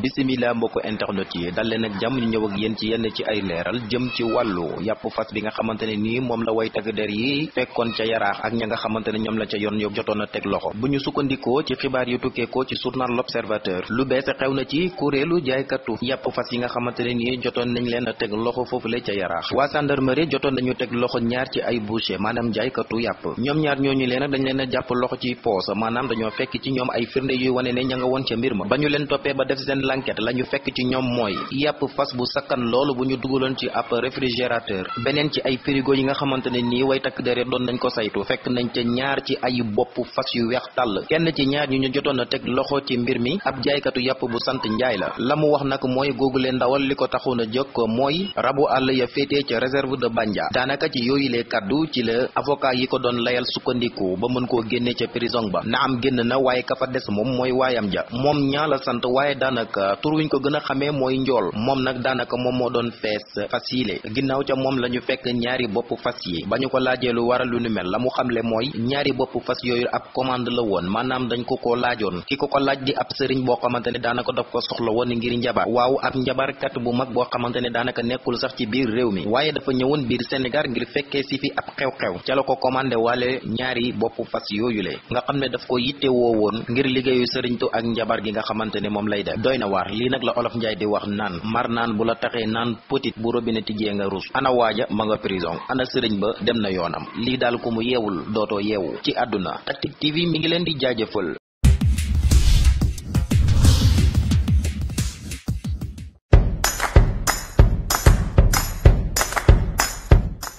bisimila mbokku internet yi dal leen ak jàmm ñu ñëw ak yéen ci yenn ci ay leeral jëm ci wàllu yàpp fas bi nga xamante ne nii moom la way takk der yi fekkoon ca yaraax ak ña nga xamante ne ñoom la ca yoon yo jotoon a teg loxo bu ñu sukkandikoo ci xibaar yu tukkeekoo ci journal l'observateur lu bees xew na ci kuréelu jaaykatu yàpp fas yi nga xamante ne nii jotoon nañ leen a teg loxo foofu lay ca yaraax waa gendarmerie jotoon nañu teg loxo ñaar ci ay boucher maanaam jaaykatu yàpp ñoom ñaar ñooñu leen dañ leen a jàpp loxo ci poos maanaam dañoo fekk ci ñoom ay firnde yuy wane ne ña nga woon ca mbir ma ba l'enquête ñu fekk ci ñoom mooy yàpp fas bu sakkan loolu bu ñu dugaloon ci ab réfrigérateur beneen ci ay frigo yi nga xamante ne nii way takk dere doon nañ ko saytu fekk nañ ca ñaar ci ay bopp fas yu weex tàll kenn ci ñaar ñu ñu jotoon a teg loxo ci mbir mi ab jaaykatu yàpp bu sant njaay la la mu wax nag mooy googule ndawal li ko taxoon a jóg mooy rabu àll ya féetee ca réserve de Bandia daanaka ci yooyu lee kàddu ci la avocat yi ko doon layal sukkandiku ba mën koo génne ca prison ba naam génn na waaye ka moom mooy waayam ja nag euh, tur wiñ ko gën a xamee mooy njool moom nag daanaka moom moo doon fees euh, fas yile ginnaaw ca moom la ñu fekk ñaari bopp fas yi ba ñu ko laajee lu waral lu ni mel la mu xamle mooy ñaari bopp fas yooyu ab commande la woon maanaam dañ ko ko laajoon ki ko ko laaj di ab sëriñ boo xamante ne daanaka daf ko soxla woon ngir njabar waaw ab njabarkat bu mag boo xamante ne daanaka nekkul sax ci biir réew mi waaye dafa ñëwoon biir Sénégal ngir fekkee si fi ab xew-xew ca la ko commandé waale ñaari bopp fas yooyu le nga xam ne daf ko yitte woo woon ngir liggéeyu sëriñtu ak njabar gi nga xamante ne moom lay na waar lii nag la olof njaay di wax naan mar naan bu la taxee naan petit bu robinet tijjee nga rus ana waaja ma nga prison ana sëriñ ba dem na yoonam lii daal ku mu yeewul dootoo yeewu ci àdduna Tactic TV mi ngi leen di jaajëfal